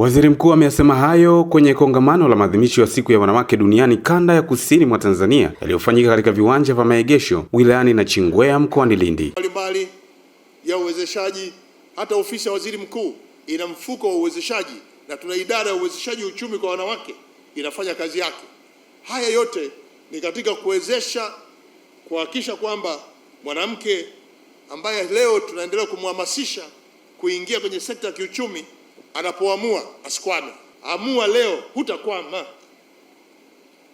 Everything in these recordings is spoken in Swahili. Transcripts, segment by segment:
Waziri mkuu ameyasema hayo kwenye kongamano la maadhimisho ya siku ya wanawake duniani kanda ya kusini mwa Tanzania yaliyofanyika katika viwanja vya maegesho wilayani na chingwea mkoani Lindi. mbalimbali ya uwezeshaji, hata ofisi ya waziri mkuu ina mfuko wa uwezeshaji na tuna idara ya uwezeshaji uchumi kwa wanawake inafanya kazi yake. Haya yote ni katika kuwezesha kuhakikisha kwamba mwanamke ambaye leo tunaendelea kumhamasisha kuingia kwenye sekta ya kiuchumi anapoamua asikwame. Amua leo, hutakwama.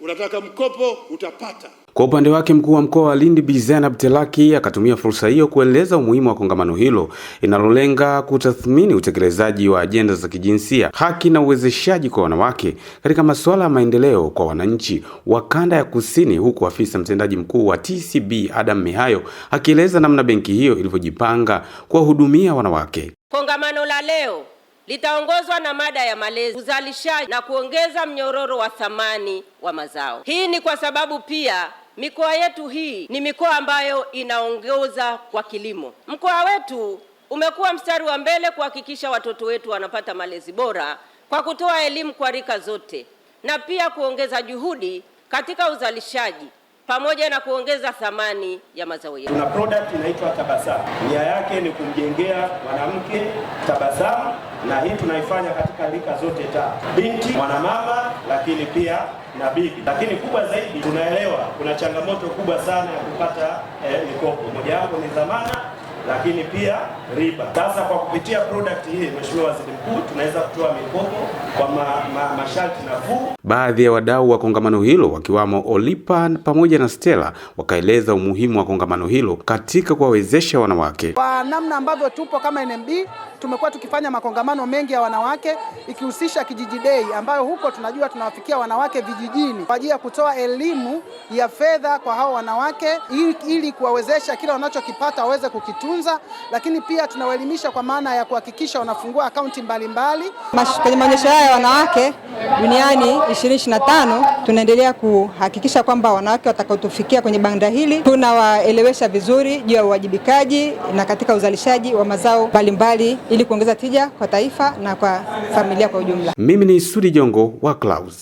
Unataka mkopo, utapata. Kwa upande wake mkuu wa mkoa wa Lindi Bi Zainab Telaki akatumia fursa hiyo kueleza umuhimu wa kongamano hilo linalolenga kutathmini utekelezaji wa ajenda za kijinsia, haki na uwezeshaji kwa wanawake katika masuala ya maendeleo kwa wananchi wa kanda ya Kusini, huku afisa mtendaji mkuu wa TCB Adam Mihayo akieleza namna benki hiyo ilivyojipanga kuwahudumia wanawake. Kongamano la leo litaongozwa na mada ya malezi, uzalishaji na kuongeza mnyororo wa thamani wa mazao. Hii ni kwa sababu pia mikoa yetu hii ni mikoa ambayo inaongoza kwa kilimo. Mkoa wetu umekuwa mstari wa mbele kuhakikisha watoto wetu wanapata malezi bora kwa kutoa elimu kwa rika zote na pia kuongeza juhudi katika uzalishaji pamoja na kuongeza thamani ya mazao yetu. Tuna product inaitwa Tabasamu, nia yake ni kumjengea mwanamke tabasamu, na hii tunaifanya katika rika zote tatu, binti, mwanamama, lakini pia na bibi. Lakini kubwa zaidi, tunaelewa kuna changamoto kubwa sana ya kupata eh, mikopo eh, mojawapo ni dhamana lakini pia riba. Sasa kwa kupitia product hii, Mheshimiwa Waziri Mkuu, tunaweza kutoa mikopo kwa ma, ma, masharti nafuu. Baadhi ya wadau wa kongamano hilo wakiwamo Olipa pamoja na Stella wakaeleza umuhimu wa kongamano hilo katika kuwawezesha wanawake. Kwa namna ambavyo tupo kama NMB tumekuwa tukifanya makongamano mengi ya wanawake ikihusisha kijiji Day ambayo huko tunajua tunawafikia wanawake vijijini kwa ajili ya kutoa elimu ya fedha kwa hao wanawake ili kuwawezesha kila wanachokipata waweze kukitunza, lakini pia tunawaelimisha kwa maana ya kuhakikisha wanafungua akaunti mbalimbali kwenye maonyesho haya ya wanawake duniani 2025 tunaendelea kuhakikisha kwamba wanawake watakaotufikia kwenye banda hili tunawaelewesha vizuri juu ya uwajibikaji na katika uzalishaji wa mazao mbalimbali ili kuongeza tija kwa taifa na kwa familia kwa ujumla. Mimi ni Sudi Jongo wa Clouds.